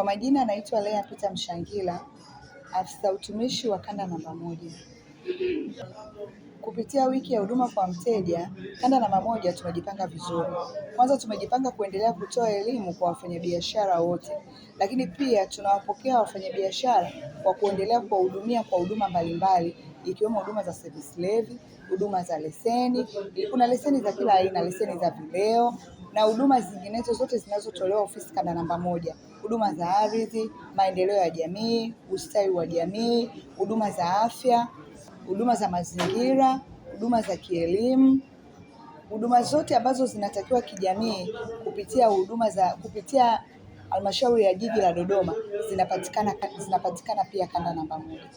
Kwa majina anaitwa Lea Peter Mshangila, afisa utumishi wa kanda namba moja. Kupitia wiki ya huduma kwa mteja kanda namba moja tumejipanga vizuri. Kwanza tumejipanga kuendelea kutoa elimu kwa wafanyabiashara wote, lakini pia tunawapokea wafanyabiashara kwa kuendelea kuwahudumia kwa huduma mbalimbali ikiwemo huduma za service levy, huduma za leseni. Kuna leseni za kila aina, leseni za vileo, na huduma zinginezo zote zinazotolewa ofisi kanda namba moja: huduma za ardhi, maendeleo ya jamii, ustawi wa jamii, huduma za afya, huduma za mazingira, huduma za kielimu, huduma zote ambazo zinatakiwa kijamii kupitia huduma za kupitia halmashauri ya jiji la Dodoma zinapatikana, zinapatikana pia kanda namba moja.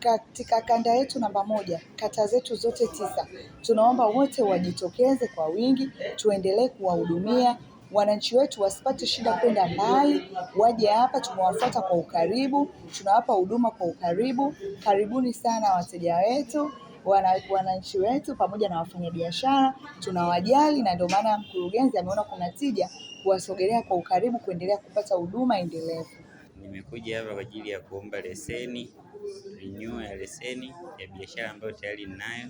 Katika kanda yetu namba moja, kata zetu zote tisa, tunaomba wote wajitokeze kwa wingi, tuendelee kuwahudumia wananchi wetu wasipate shida kwenda mbali, waje hapa, tumewafuata kwa ukaribu, tunawapa huduma kwa ukaribu. Karibuni sana wateja wetu wananchi wetu pamoja na wafanyabiashara tunawajali, na ndio maana mkurugenzi ameona kuna tija kuwasogelea kwa ukaribu kuendelea kupata huduma endelevu. Nimekuja hapa kwa ajili ya kuomba leseni, renew ya leseni ya biashara ambayo tayari ninayo.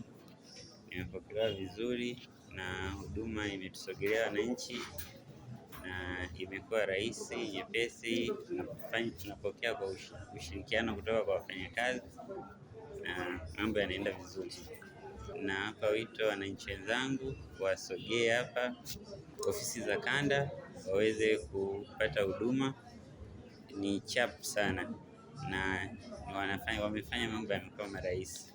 Nimepokelewa vizuri na huduma imetusogelea wananchi na imekuwa rahisi, nyepesi, tunapokea kwa ushirikiano kutoka kwa wafanyakazi na mambo yanaenda vizuri. Na hapa wito wananchi wenzangu wasogee hapa ofisi za kanda waweze kupata huduma, ni chap sana na wanafanya, wamefanya mambo yamekuwa marahisi.